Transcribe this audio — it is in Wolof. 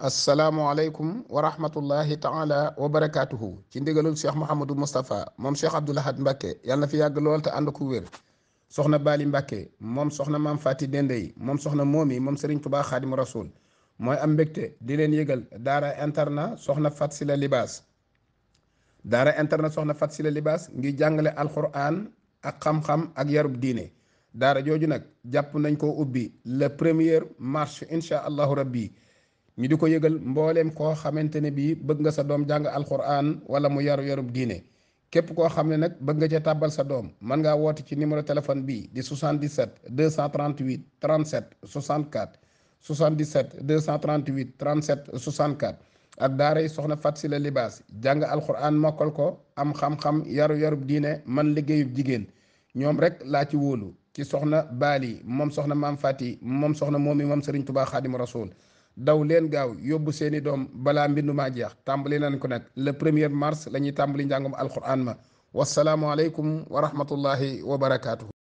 asalaamualeykum wa rahmatullahi taala wa barakaatuhu ci ndigalul cheikh Mouhamadou Moustapha moom cheikh Abdoul Ahad Mbacke yàlla na fi yàgg lool te ànd ko wér soxna baali Mbacke moom soxna maam Fati Dendey moom soxna moom yi moom Serigne Touba Xaadimu Rasul mooy am mbégte di leen yëgal daara interna soxna Fat Sila Libaas daara interna soxna Fat Sila Libaas ngir jàngale alquran ak xam-xam ak yarub diine daara jooju nag jàpp nañ ko ubbi le premier marche incha allahu rabbi ñu di ko yëgal mbooleem koo xamante ne bii bëgg nga sa doom jàng alquran wala mu yaru yarub diine képp koo xam ne nag bëgg nga ca tàbbal sa doom mën ngaa woote ci numéro téléphone bii di 77 238 37 64 77 238 37 64 ak daaray soxna Fat Sylla Libaas jàng alquran mokkal ko am xam-xam yaru yarub diine man liggéeyub jigéen ñoom rek laa ci wóolu ci soxna Baali moom soxna maam Fati moom soxna moom i moom Serigne Touba Xaadimu Rasuul daw leen gaaw yóbbu seen i doom balaa mbindu maa jeex tàmbali nañ ko nag le premier mars la ñuy tàmbali njàngum alquran ma wasalaamualeykum wa rahmatullahi wa barakaatu.